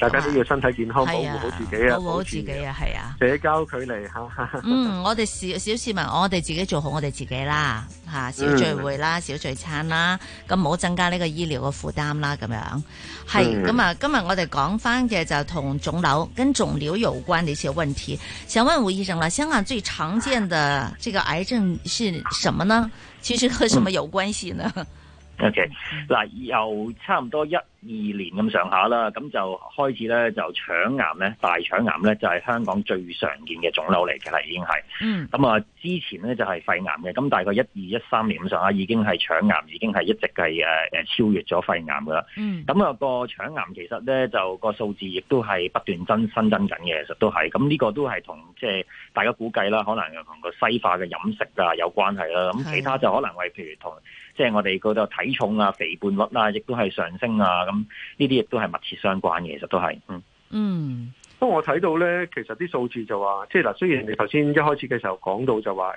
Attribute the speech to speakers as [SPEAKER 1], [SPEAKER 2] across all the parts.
[SPEAKER 1] 大家都要身體健康，啊、保護好自己，自己持啊！保護好自己啊，係啊！社交距離嚇。
[SPEAKER 2] 嗯， 我哋小小市民，我哋自己做好我哋自己啦，嚇小聚會啦，嗯、小聚餐啦，咁唔好增加呢個醫療嘅負擔啦，咁樣。係咁啊！今日我哋講翻嘅就同腫瘤跟腫瘤有關嘅一些問題。想問吳醫生啦，香港最常見的這個癌症是什麼呢？嗯、其實和什麼有關係呢、嗯、？OK，
[SPEAKER 3] 嗱，又差唔多一。二年咁上下啦，咁就開始咧就腸癌咧，大腸癌咧就係香港最常見嘅腫瘤嚟嘅啦，其實已經係。嗯。咁啊，之前咧就係肺癌嘅，咁大概一二一三年咁上下已經係腸癌，已經係一直係超越咗肺癌噶啦。嗯。咁啊，個腸癌其實咧就個數字亦都係不斷增新增緊嘅，其實都係。咁呢個都係同即係大家估計啦，可能同個西化嘅飲食啊有關係啦。咁其他就可能係譬如同即係我哋嗰度體重啊、肥胖率啊，亦都係上升啊。咁呢啲亦都係密切相關嘅，實是嗯嗯、其
[SPEAKER 1] 實都係。嗯嗯，不過我睇到咧，其實啲數字就話，即係嗱，雖然你頭先一開始嘅時候講到就話，誒、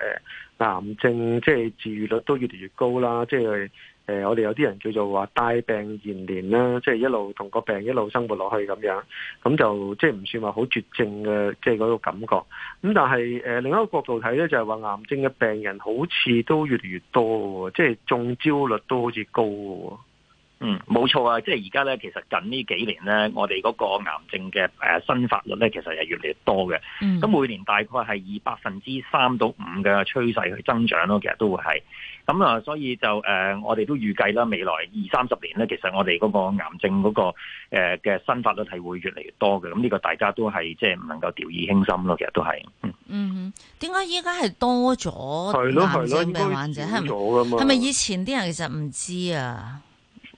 [SPEAKER 1] 呃，癌症即係、就是、治愈率都越嚟越高啦，即係誒，我哋有啲人叫做話帶病延年啦，即、就、係、是、一路同個病一路生活落去咁樣，咁就即係唔算話好絕症嘅，即係嗰個感覺。咁但係誒、呃，另一個角度睇咧，就係、是、話癌症嘅病人好似都越嚟越多，即、就、係、是、中招率都好似高。嗯，冇錯啊！即係而家咧，其實近呢幾年咧，我
[SPEAKER 3] 哋嗰個癌症嘅誒、呃、新發率咧，其實係越嚟越多嘅。咁、嗯、每年大概係以百分之三到五嘅趨勢去增長咯，其實都會係。咁、嗯、啊，所以就誒、呃，我哋都預計啦，未來二三十年咧，其實我哋嗰個癌症嗰、嗰個誒嘅、呃、新發率係會越嚟越多嘅。咁、嗯、呢、呢個大家都係即係唔能夠掉以輕心咯。其實都係。嗯，
[SPEAKER 2] 點解而家係多咗癌症嘅患者？係唔係？係咪以前啲人其實唔知啊？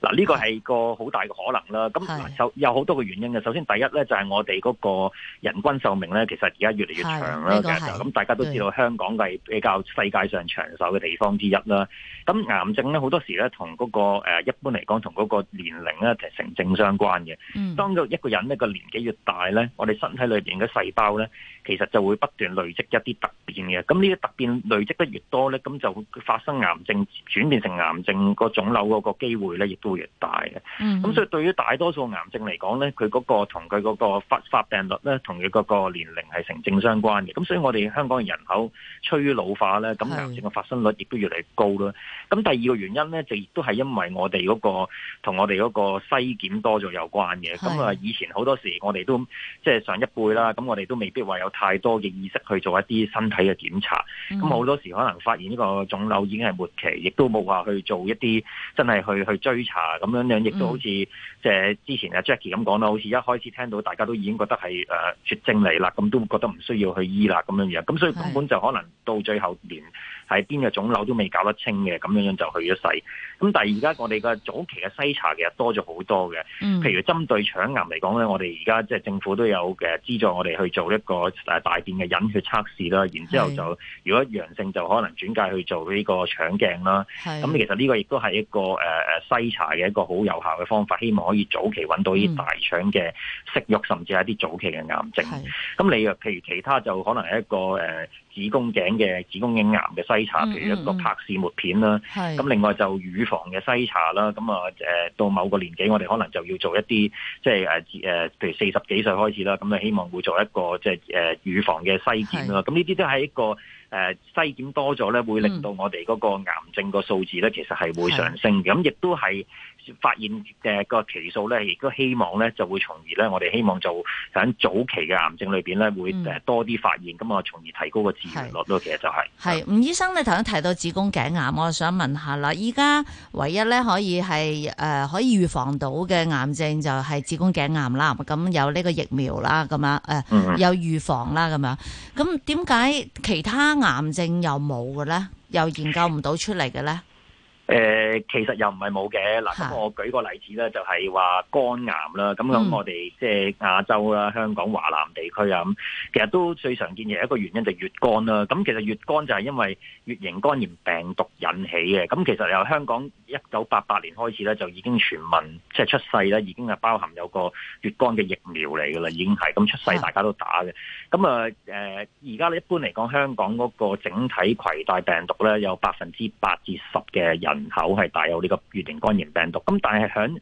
[SPEAKER 3] 嗱，呢個係個好大嘅可能啦。咁，有好多個原因嘅。是首先，第一咧就係我哋嗰個人均壽命咧，其實而家越嚟越長啦。咁，呢個、大家都知道香港係比較世界上長壽嘅地方之一啦。咁對 癌症咧，好多時咧、嗰個，同嗰個一般嚟講，同嗰個年齡咧係成正相關嘅。當、嗯、當一個人呢個年紀越大咧，我哋身體裏面嘅細胞咧。其實就會不斷累積一啲突變嘅，咁呢啲突變累積得越多咧，咁就發生癌症轉變成癌症個腫瘤嗰個機會咧，亦都越大嘅。咁、嗯、所以對於大多數癌症嚟講咧，佢嗰、那個同佢嗰個發，發病率咧，同佢嗰個年齡係成正相關嘅。咁所以我哋香港嘅人口趨於老化咧，咁癌症嘅發生率亦都越嚟越高啦。咁是第二個原因咧，就亦都係因為我哋嗰、那個同我哋嗰個篩檢多咗有關嘅。咁啊是，以前好多時我哋都即係上一輩啦，咁我哋都未必話有。太多嘅意識去做一啲身體嘅檢查，咁好多時可能發現呢個腫瘤已經係末期，亦都冇話去做一啲真係去去追查咁樣樣，亦都好似即係之前阿 Jacky 咁講啦，好似一開始聽到大家都已經覺得係誒絕症嚟啦，咁都覺得唔需要去醫啦咁樣樣，咁所以根本就可能到最後連係邊個腫瘤都未搞得清嘅，咁樣樣就去咗世。咁但係而家我哋嘅早期嘅篩查其實多咗好多嘅，譬如針對腸癌嚟講咧，我哋而家即係政府都有嘅資助我哋去做一個。誒大便嘅隱血測試啦，然之後就是如果陽性就可能轉介去做呢個腸鏡啦。咁是其實呢個亦都係一個誒誒、呃、篩查嘅一個好有效嘅方法，希望可以早期揾到啲大腸嘅息肉，嗯、甚至係一啲早期嘅癌症。咁是你譬如其他就可能係一個誒、呃、子宮頸嘅子宮頸癌嘅篩查，譬如一個柏氏抹片啦。咁、嗯嗯嗯、另外就乳房嘅篩查啦，咁啊誒到某個年紀我哋可能就要做一啲即係誒誒，譬如四十幾歲開始啦，咁啊希望會做一個即係誒。呃預防嘅篩檢啦，咁呢啲都係一個誒篩檢多咗咧，會令到我哋嗰個癌症個數字咧，其實係會上升，咁亦都係。發現嘅個期數咧，亦都希望咧就會從而咧，我哋希望就喺早期嘅癌症裏邊咧，會誒多啲發現，咁啊從而提高個
[SPEAKER 4] 治愈率咯。是其實就係、是、
[SPEAKER 2] 係，吳醫生你頭先提到子宮頸癌，我想問下啦，依家唯一咧可以係誒、呃、可以預防到嘅癌症就係子宮頸癌啦，咁有呢個疫苗啦，咁樣誒有預防啦，咁樣，咁點解其他癌症又冇嘅咧，又研究唔到出嚟嘅咧？嗯
[SPEAKER 3] 誒，其實又唔係冇嘅嗱，咁我舉個例子咧，就係、是、話肝癌啦，咁樣我哋即係亞洲啦、香港、華南地區啊咁，其實都最常見嘅一個原因就係乙肝啦。咁其實乙肝就係因為乙型肝炎病毒引起嘅。咁其實由香港一九八八年開始咧，就已經全民即係、就是、出世咧，已經係包含有個乙肝嘅疫苗嚟噶啦，已經係咁出世，大家都打嘅。咁啊、呃，誒，而家咧一般嚟講，香港嗰個整體攜帶病毒咧，有百分之八至十嘅人。人口係帶有呢個乙型肝炎病毒，咁但係響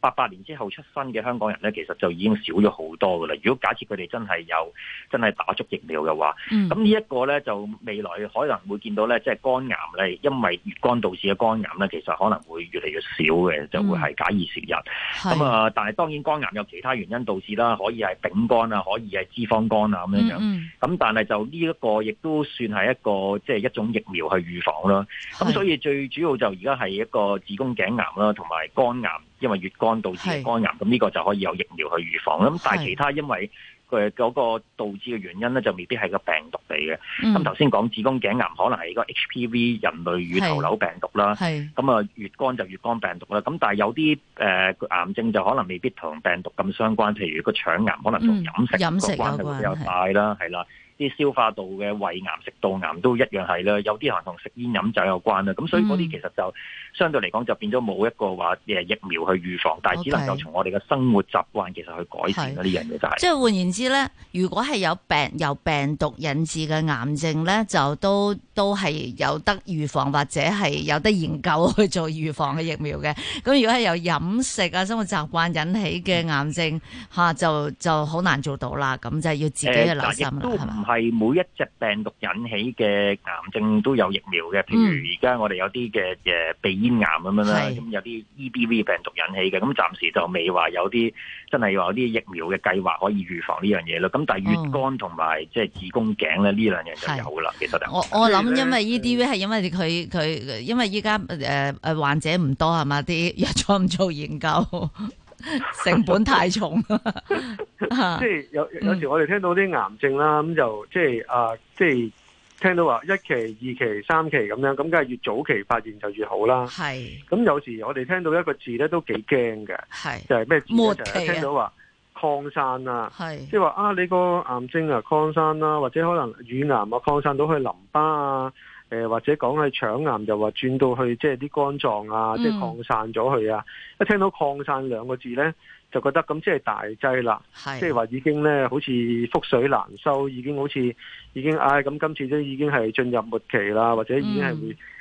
[SPEAKER 3] 八八年之後出生嘅香港人咧，其實就已經少咗好多噶啦。如果假設佢哋真係有真係打足疫苗嘅話，咁呢、嗯、一個咧就未來可能會見到咧，即、就、係、是、肝癌咧，因為乙肝導致嘅肝癌咧，其實可能會越嚟越少嘅，就會係假以時日。咁啊、嗯嗯，但係當然肝癌有其他原因導致啦，可以係丙肝啊，可以係脂肪肝啊咁樣樣。咁、嗯嗯、但係就呢一個亦都算係一個即係一種疫苗去預防啦。咁是、嗯、所以最主要就而家係一個子宮頸癌啦，同埋肝癌。因為乙肝導致肝癌，咁呢是個就可以有疫苗去預防。咁是但係其他因為佢嗰個導致嘅原因咧，就未必係個病毒嚟嘅。咁頭先講子宮頸癌可能係個 H P V 人類乳頭瘤病毒啦。咁啊，乙肝就乙肝病毒啦。咁但係有啲誒、呃、癌症就可能未必同病毒咁相關，譬如個腸癌可能同飲食、嗯、飲食有關個關係比較大啦，係啦是。啲消化道嘅胃癌、食道癌都一樣，係啦，有啲可能同食煙飲酒有關啦，咁、嗯、所以嗰啲其實就相對嚟講就變咗冇一個話疫苗去預防，okay, 但係只能夠從我哋嘅生活習慣其實去改善呢啲嘢就係、是。
[SPEAKER 2] 即係換言之咧，如果係有病由病毒引致嘅癌症咧，就都都係有得預防或者係有得研究去做預防嘅疫苗嘅。咁如果係由飲食啊、生活習慣引起嘅癌症吓、嗯啊，就就好難做到啦。咁就係要自己嘅留心啦，嘛、欸？
[SPEAKER 3] 係每一隻病毒引起嘅癌症都有疫苗嘅，譬如而家我哋有啲嘅誒鼻咽癌咁樣啦，咁是有啲 EBV 病毒引起嘅，咁暫時就未話有啲真係話有啲疫苗嘅計劃可以預防呢樣嘢咯。咁但係乙肝同埋即係子宮頸咧呢兩樣就有啦。是其實我我諗，因
[SPEAKER 2] 為 EBV 係因為佢佢，佢因為依家誒誒患者唔多係嘛，啲藥廠唔做研究。成本太重
[SPEAKER 1] 即，即係有有時我哋聽到啲癌症啦，咁就即係啊，即係、呃、聽到話一期、二期、三期咁樣，咁梗係越早期發現就越好啦。係是，咁有時我哋聽到一個字咧都幾驚嘅，係是就係咩字咧？就、啊、聽到話擴散啊，是即係話啊，你個癌症啊擴散啦，或者可能乳癌啊擴散到去淋巴啊。誒、呃，或者講係腸癌，又話轉到去即係啲肝臟啊，即係擴散咗去啊！嗯、一聽到擴散兩個字咧，就覺得咁即係大劑啦，即係話已經咧好似覆水難收，已經好似已經唉咁、哎，今次都已經係進入末期啦，或者已經係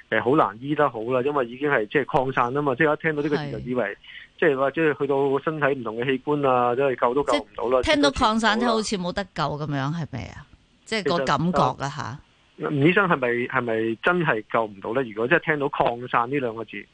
[SPEAKER 1] 會誒好、嗯呃、難醫得好啦，因為已經係即係擴散啊嘛！即係一聽到呢個字、啊、就以為即係話即係去到身體唔同嘅器官啊，即、就、係、是、救都救唔到啦。聽到擴散就好
[SPEAKER 2] 似冇得救咁樣，係咪啊？即係個感覺
[SPEAKER 1] 啊吓。吳醫生係咪係咪真係救唔到咧？如果即係聽到擴散呢兩個字，
[SPEAKER 3] 誒，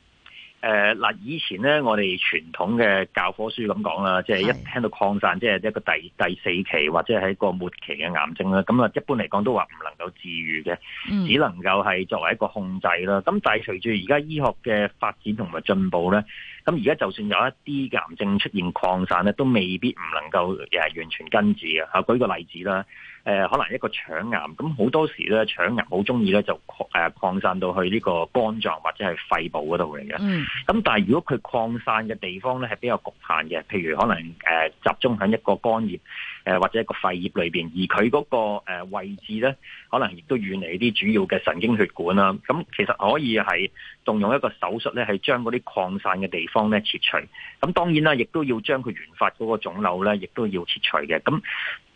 [SPEAKER 3] 嗱，以前咧我哋傳統嘅教科書咁講啦，即係一聽到擴散，即係一個第第四期或者係一個末期嘅癌症啦。咁啊，一般嚟講都話唔能夠治愈嘅，嗯，只能夠係作為一個控制啦。咁但係隨住而家醫學嘅發展同埋進步咧。咁而家就算有一啲癌症出現擴散咧，都未必唔能夠、啊、完全根治嘅。嚇，舉個例子啦，呃，可能一個腸癌，咁好多時咧腸癌好中意咧就擴散到去呢個肝臟或者係肺部嗰度嚟嘅。嗯。咁但係如果佢擴散嘅地方咧係比較局限嘅，譬如可能、呃、集中喺一個肝葉、呃、或者一個肺葉裏面，而佢嗰個位置咧可能亦都遠離啲主要嘅神經血管啦。咁其實可以係。動用一個手術咧，係將嗰啲擴散嘅地方咧切除。咁當然啦，亦都要將佢原發嗰個腫瘤咧，亦都要切除嘅。咁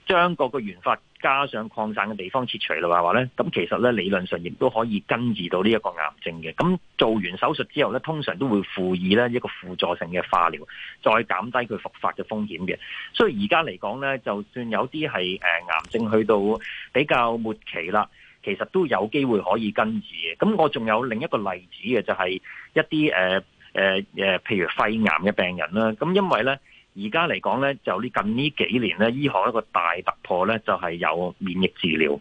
[SPEAKER 3] 將嗰個原發加上擴散嘅地方切除嘅話咧，咁其實咧理論上亦都可以根治到呢一個癌症嘅。咁做完手術之後咧，通常都會輔以咧一個輔助性嘅化療，再減低佢復發嘅風險嘅。所以而家嚟講咧，就算有啲係誒癌症去到比較末期啦。其實都有機會可以根治嘅，咁我仲有另一個例子嘅，就係、是、一啲誒誒誒，譬如肺癌嘅病人啦，咁因為咧而家嚟講咧，就呢近呢幾年咧醫學一個大突破咧，就係、是、有免疫治療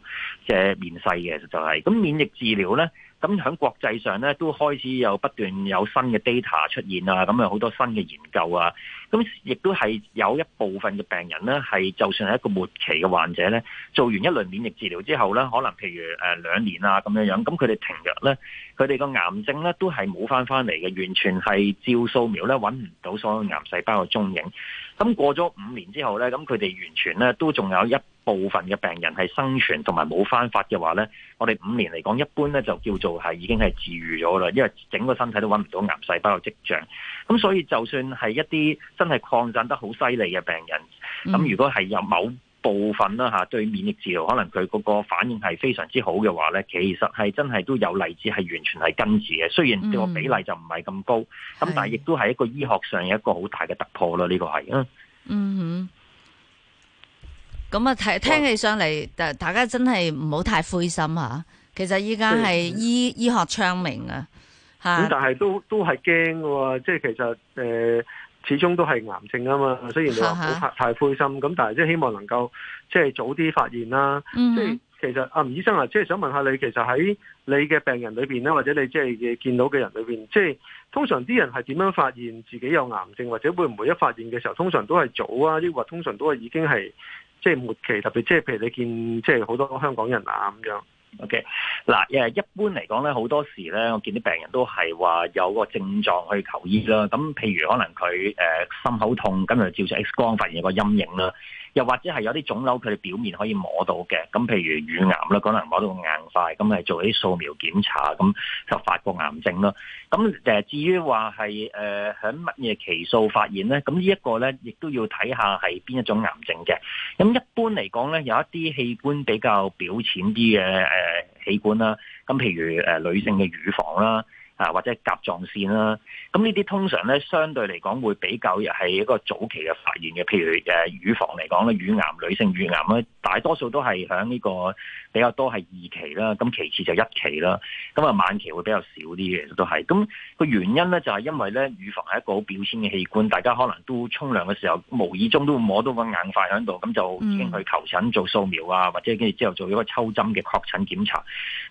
[SPEAKER 3] 即係面世嘅，就係、是、咁免疫治療咧。就是咁喺國際上咧，都開始有不斷有新嘅 data 出現啊！咁啊，有好多新嘅研究啊！咁亦都係有一部分嘅病人咧，係就算係一個末期嘅患者咧，做完一輪免疫治療之後咧，可能譬如誒兩年啊咁樣樣，咁佢哋停藥咧，佢哋個癌症咧都係冇翻翻嚟嘅，完全係照掃描咧揾唔到所有癌細胞嘅蹤影。咁過咗五年之後咧，咁佢哋完全咧都仲有一部分嘅病人係生存同埋冇翻發嘅話咧，我哋五年嚟講一般咧就叫做係已經係治癒咗啦，因為整個身體都揾唔到癌細胞嘅跡象。咁所以就算係一啲真係擴散得好犀利嘅病人，咁如果係有某部分啦吓，對免疫治療可能佢嗰個反應係非常之好嘅話咧，其實係真係都有例子係完全係根治嘅，雖然個比例就唔係咁高，咁、嗯、但係亦都係一個醫學上有一個好大嘅突破咯，呢、這個係嗯哼，
[SPEAKER 2] 咁啊，聽聽起上嚟。說大家真係唔好太灰心啊。其實依家係醫的醫學昌明啊，咁、嗯、但
[SPEAKER 1] 係都都係驚㗎，即係其實誒。呃始終都係癌症啊嘛，雖然你話唔好太灰心，咁是但係即係希望能夠即係早啲發現啦。即係、嗯、哼其實阿吳醫生啊，即係想問下你，其實喺你嘅病人裏邊咧，或者你即係嘅見到嘅人裏邊，即係通常啲人係點樣發現自己有癌症，或者會唔會一發現嘅時候，通常都係早啊？抑或者通常都係已經係即係末期，特別即係譬如你見即係好多香港人啊咁樣。
[SPEAKER 3] OK，嗱誒，一般嚟講咧，好多時咧，我見啲病人都係話有個症狀去求醫啦。咁譬如可能佢誒、呃、心口痛，咁就照出 X 光發現有個陰影啦。又或者係有啲腫瘤，佢哋表面可以摸到嘅。咁譬如乳癌啦，可能摸到個硬塊，咁係做啲掃描檢查，咁就發覺癌症啦。咁誒，至於話係誒響乜嘢期數發現咧？咁呢一個咧，亦都要睇下係邊一種癌症嘅。咁一般嚟講咧，有一啲器官比較表淺啲嘅誒器官啦，咁譬如誒女性嘅乳房啦。啊，或者甲狀腺啦，咁呢啲通常咧，相對嚟講會比較又係一個早期嘅發現嘅。譬如誒，乳房嚟講咧，乳癌女性乳癌咧，大多數都係喺呢個比較多係二期啦，咁其次就一期啦，咁啊晚期會比較少啲嘅其實都係。咁個原因咧，就係、是、因為咧，乳房係一個好表淺嘅器官，大家可能都沖涼嘅時候，無意中都會摸到個硬塊喺度，咁就已經去求診做掃描啊，或者跟住之後做一個抽針嘅確診檢查。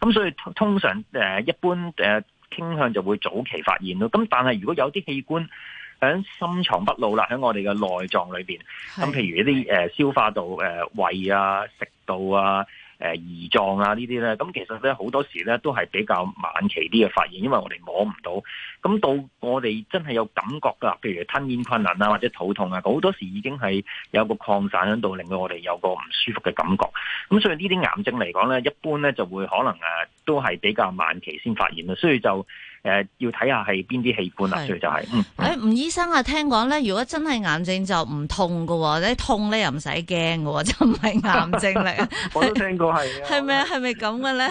[SPEAKER 3] 咁所以通常誒、呃，一般、呃傾向就會早期發現咯。咁但係如果有啲器官喺深藏不露啦，喺我哋嘅內臟裏邊，咁的譬如一啲誒消化道誒胃啊、食道啊、誒胰臟啊呢啲咧，咁其實咧好多時咧都係比較晚期啲嘅發現，因為我哋摸唔到。咁到我哋真係有感覺噶，譬如吞咽困難啊，或者肚痛啊，好多時已經係有個擴散喺度，令到我哋有個唔舒服嘅感覺。咁所以呢啲癌症嚟講咧，一般咧就會可能誒都係比較晚期先發現咯，所以就誒、呃、要睇下係邊啲器官
[SPEAKER 2] 啦，是所以就係、是。誒、嗯、哎、吳醫生啊，聽講咧，如果真係癌症就唔痛噶，咧痛咧又唔使驚噶就唔係癌症嚟。
[SPEAKER 1] 我都聽過係
[SPEAKER 2] 啊。係咪啊？係咪咁嘅咧？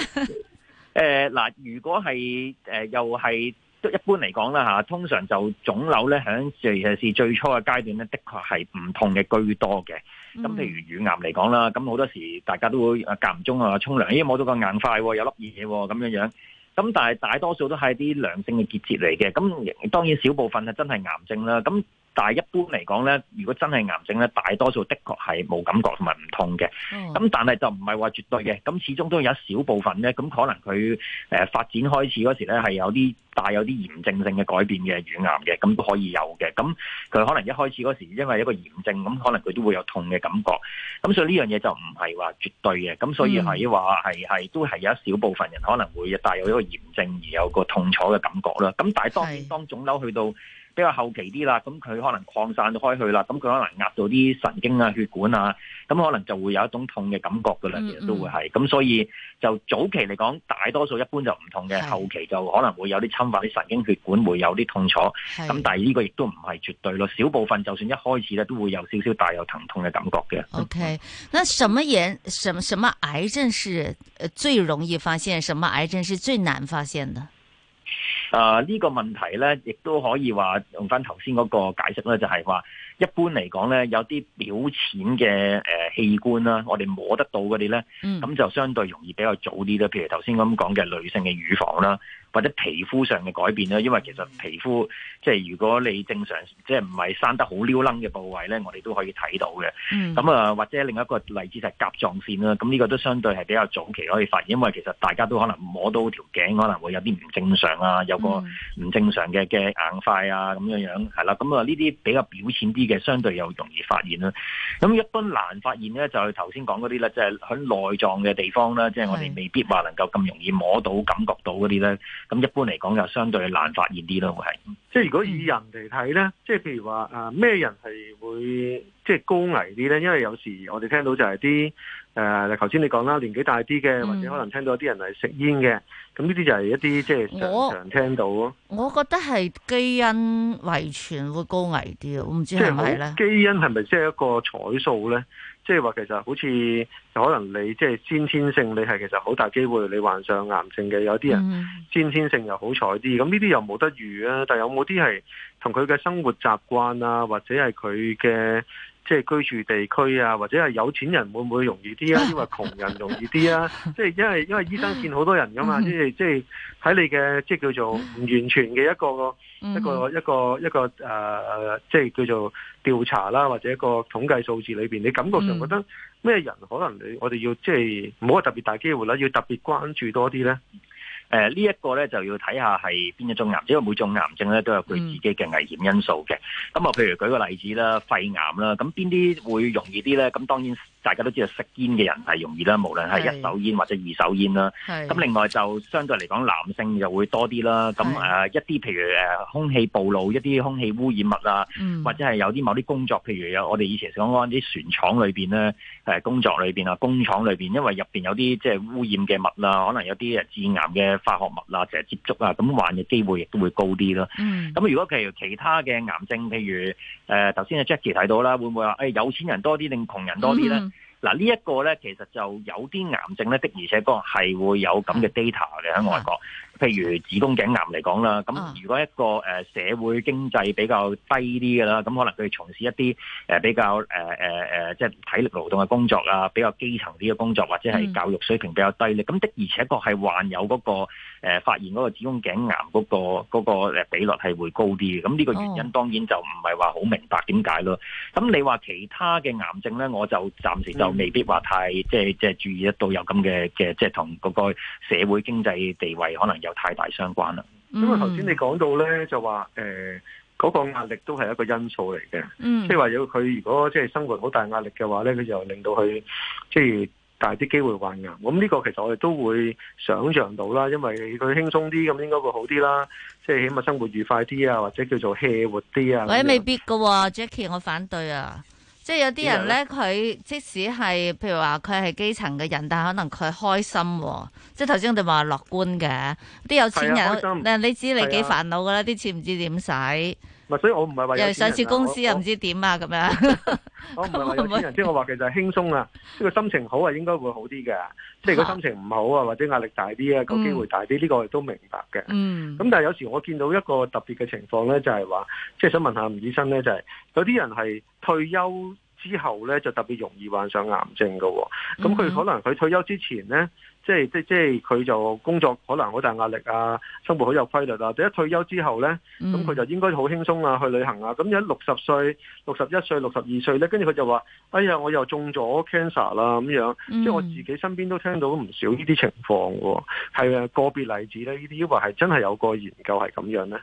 [SPEAKER 3] 誒、嗱、 呃、如果係誒、呃、又係，一般嚟講啦吓，通常就腫瘤咧響，尤其是最初嘅階段咧，的確係唔痛嘅居多嘅。咁譬、嗯、如乳癌嚟講啦，咁好多時大家都會啊間唔中啊沖涼，咦、哎、摸到個硬塊，有粒嘢咁樣樣。咁但係大多數都係啲良性嘅結節嚟嘅，咁當然少部分係真係癌症啦。咁但係一般嚟講咧，如果真係癌症咧，大多數的確係冇感覺同埋唔痛嘅。咁、嗯、但係就唔係話絕對嘅。咁始終都有一小部分咧，咁可能佢誒發展開始嗰時咧係有啲帶有啲炎症性嘅改變嘅乳癌嘅，咁都可以有嘅。咁佢可能一開始嗰時因為一個炎症，咁可能佢都會有痛嘅感覺。咁所以呢樣嘢就唔係話絕對嘅。咁所以係話係都係有一小部分人可能會帶有一個炎症而有個痛楚嘅感覺啦。咁但係當然當腫瘤去到比較後期啲啦，咁佢可能擴散開去啦，咁佢可能壓到啲神經啊、血管啊，咁可能就會有一種痛嘅感覺噶啦，其實都會係。咁、嗯嗯、所以就早期嚟講，大多數一般就唔痛嘅。是後期就可能會有啲侵犯啲神經血管，會有啲痛楚。咁是但係呢個亦都唔係絕對咯，少部分就算一開始咧都會有少少大有疼痛嘅感覺嘅。嗯、
[SPEAKER 2] OK，那什麼炎什麼什麼癌症是最容易發現？什麼癌症是最難發現的？
[SPEAKER 3] 啊！呢、呢個問題咧，亦都可以話用翻頭先嗰個解釋咧，就係、是、話一般嚟講咧，有啲表淺嘅、呃、器官啦，我哋摸得到嗰啲咧，咁、嗯、就相對容易比較早啲啦。譬如頭先咁講嘅女性嘅乳房啦。或者皮膚上嘅改變，因為其實皮膚即係如果你正常，即係唔係生得好溜楞嘅部位咧，我哋都可以睇到嘅。咁啊、嗯，或者另一個例子就係甲狀腺啦。咁呢個都相對係比較早期可以發現，因為其實大家都可能摸到條頸可能會有啲唔正常啊，有個唔正常嘅嘅硬塊啊咁樣樣係啦。咁啊，呢啲比較表淺啲嘅，相對又容易發現啦。咁一般難發現咧，就係頭先講嗰啲咧，即係喺內臟嘅地方啦，即係我哋未必話能夠咁容易摸到、感覺到嗰啲咧。咁一般嚟講就相對難發現啲咯，會係、嗯。即
[SPEAKER 1] 係如果以人嚟睇咧，即係譬如話誒咩人係會即係高危啲咧？因為有時我哋聽到就係啲誒，呃、頭先你講啦，年紀大啲嘅，或者可能聽到啲人係食煙嘅，咁呢啲就係一啲即係常常聽到咯。
[SPEAKER 2] 我覺得係基因遺傳會高危啲啊！我唔知係咪咧？
[SPEAKER 1] 基因係咪即係一個彩數咧？即係話其實好似可能你即係先天性你係其實好大機會你患上癌症嘅，有啲人先天性又好彩啲，咁呢啲又冇得預啊！但係有冇啲係同佢嘅生活習慣啊，或者係佢嘅？即係居住地區啊，或者係有錢人會唔會容易啲啊？抑或窮人容易啲啊？即係 因為因為醫生見好多人噶嘛，即係即係喺你嘅即係叫做唔完全嘅一個 一個一個一個誒，即、呃、係、即係、叫做調查啦，或者一個統計數字裏面。你感覺上覺得咩人可能你我哋要即係唔好個特別大機會啦，要特別關
[SPEAKER 3] 注多啲咧？誒呢一個咧就要睇下係邊一種癌症，因為每種癌症咧都有佢自己嘅危險因素嘅。咁、嗯、啊，譬如舉個例子啦，肺癌啦，咁邊啲會容易啲咧？咁當然。大家都知道食煙嘅人係容易啦，無論係一手煙或者二手煙啦。咁是另外就相對嚟講，男性就會多啲啦。咁誒是、啊、一啲譬如誒空氣暴露，一啲空氣污染物啊，嗯、或者係有啲某啲工作，譬如有我哋以前講嗰啲船廠裏面咧，工作裏面啊，工廠裏面，因為入面有啲即係污染嘅物啦，可能有啲誒致癌嘅化學物啊，成日接觸啊，咁患嘅機會亦都會高啲咯。咁、嗯、如果譬如其他嘅癌症，譬如誒頭、呃、先阿 Jacky 睇到啦，會唔會話有錢人多啲定窮人多啲咧？嗯嗱，呢一個咧，其實就有啲癌症咧的而且確係會有咁嘅 data 嘅喺外國。譬如子宮頸癌嚟講啦，咁如果一個誒社會經濟比較低啲嘅啦，咁可能佢從事一啲誒比較誒誒、呃呃呃、即係體力勞動嘅工作啊，比較基層啲嘅工作，或者係教育水平比較低啲，咁的而且確係患有嗰、嗰個誒、呃、發現嗰個子宮頸癌嗰、嗰個嗰、嗰個、比率係會高啲。咁呢個原因當然就唔係話好明白點解咯。咁你話其他嘅癌症咧，我就暫時就未必話太即係即係注意得到有咁嘅嘅即係同嗰個社會經濟地位可能有太大相關啦，
[SPEAKER 4] 嗯、因為頭先你
[SPEAKER 3] 講到咧，就話誒
[SPEAKER 1] 嗰個壓力都係一個因素嚟嘅，即係話要佢如果即係生活好大壓力嘅話咧，佢就會令到佢即係大啲機會患癌。咁呢個其實我哋都會想象到啦，因為佢輕鬆啲咁，應該會好啲啦，即係起碼生活愉快啲啊，或者叫做 hea 活啲啊。喂，未
[SPEAKER 2] 必㗎喎，Jackie，我反對啊。即係有啲人咧，佢即使係譬如話佢係基層嘅人，但係可能佢開心喎。即係頭先我哋話樂觀嘅啲有錢人，啊、你知你幾煩惱㗎啦？啲、啊、錢唔知點使。
[SPEAKER 1] 所以我唔係話又上市公司又唔
[SPEAKER 2] 知點啊咁樣。
[SPEAKER 1] 我唔係話有錢人， 我話 其實係輕鬆啊，即係個心情好啊，應該會好啲嘅。啊、即係如果心情唔好啊，或者壓力大啲啊，個機會大啲，呢、呢個我都明白嘅。嗯。咁但係有時我見到一個特別嘅情況咧，就係話，即係想問，問下吳醫生咧、就係，就係有啲人係退休。之後咧就特別容易患上癌症喎、哦。咁佢可能佢退休之前咧、mm hmm.，即係即即係佢就工作可能好大壓力啊，生活好有規律啊，第一退休之後咧，咁佢、mm hmm. 就應該好輕鬆啊，去旅行啊，咁一六十歲、六十一歲、六十二歲咧，跟住佢就話：哎呀，我又中咗 cancer 啦咁樣，mm hmm. 即係我自己身邊都聽到唔少呢啲情況喎、啊，係個別例子咧，呢啲抑或係真係有個研究係咁樣咧？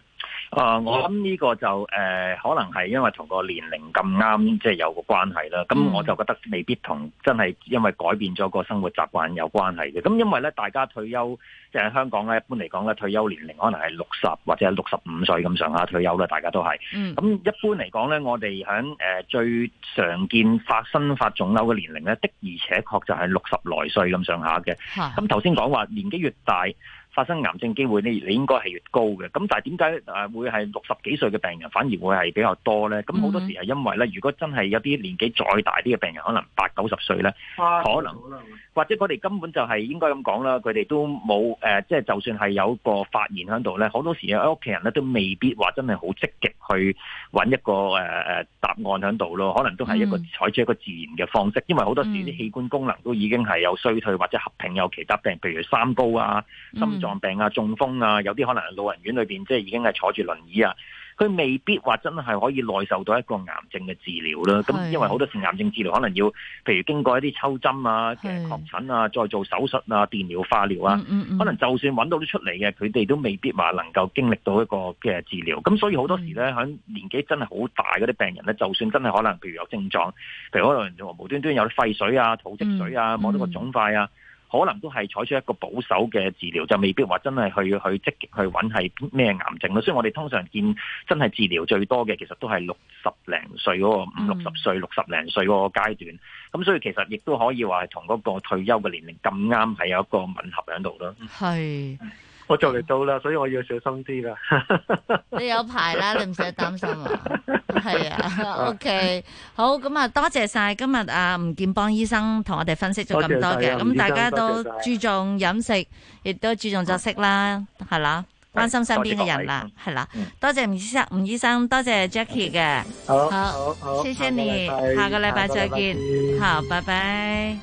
[SPEAKER 1] 啊、呃！我
[SPEAKER 3] 諗呢個就誒、呃，可能係因為同個年齡咁啱，嗯、即係有個關係啦。咁我就覺得未必同真係因為改變咗個生活習慣有關係嘅。咁因為咧，大家退休即係香港咧，一般嚟講咧，退休年齡可能係六十或者六十五歲咁上下退休啦。大家都係。咁、嗯、一般嚟講咧，我哋喺誒最常見發生發腫瘤嘅年齡咧，的而且確就係六十來歲咁上下嘅。
[SPEAKER 4] 咁頭先講
[SPEAKER 3] 話年紀越大。發生癌症機會咧你應該係越高嘅。咁但係點解誒會係六十幾歲嘅病人反而會係比較多咧？咁好、mm hmm. 多時係因為咧，如果真係有啲年紀再大啲嘅病人，可能八九十歲咧，啊、可能或者佢哋根本就係、是、應該咁講啦，佢哋都冇誒，即、呃、係就算係有個發現喺度咧，好多時啊屋企人咧都未必話真係好積極去揾一個誒、呃、答案喺度咯。可能都係一個、mm hmm. 採取一個自然嘅方式，因為好多時啲、mm hmm. 器官功能都已經係有衰退，或者合併有其他病，譬如三高啊、mm hmm. 腫病啊、中風啊，有啲可能係老人院裏面，即係已經係坐住輪椅啊。佢未必話真係可以耐受到一個癌症嘅治療啦。咁是因為好多時癌症治療可能要，譬如經過一啲抽針啊、嘅確診啊、再做手術啊、電療、化療啊，嗯嗯、可能就算揾到啲出嚟嘅，佢哋都未必話能夠經歷到一個嘅治療。咁、嗯、所以好多時咧，喺、嗯、年紀真係好大嗰啲病人咧，就算真係可能，譬如有症狀，譬如可能人無端端有啲肺水啊、肚積水啊，望、嗯嗯、到個腫塊啊。可能都係採取一個保守嘅治療，就未必話真係去去積極去揾係咩癌症咯。所以我哋通常見真係治療最多嘅，其實都係六十零歲嗰個五六十歲、六十零歲嗰個階段。咁所以其實亦都可以話係同嗰個退休嘅年齡咁啱係有一個吻合喺度咯。
[SPEAKER 2] 係是。
[SPEAKER 1] 我就嚟到啦，所以我要小心啲
[SPEAKER 2] 噶。你有排啦，你唔使擔心啊。係啊，OK。好，咁啊，多謝晒今日啊，吳劍邦醫生同我哋分析咗咁多嘅。咁大家都注重飲食，亦都注重作息啦，係啦。關心身邊嘅人啦，係啦。多謝吳醫生，吳醫生，多謝 Jackie 嘅。好，謝謝你。下個禮拜再見，好，拜拜。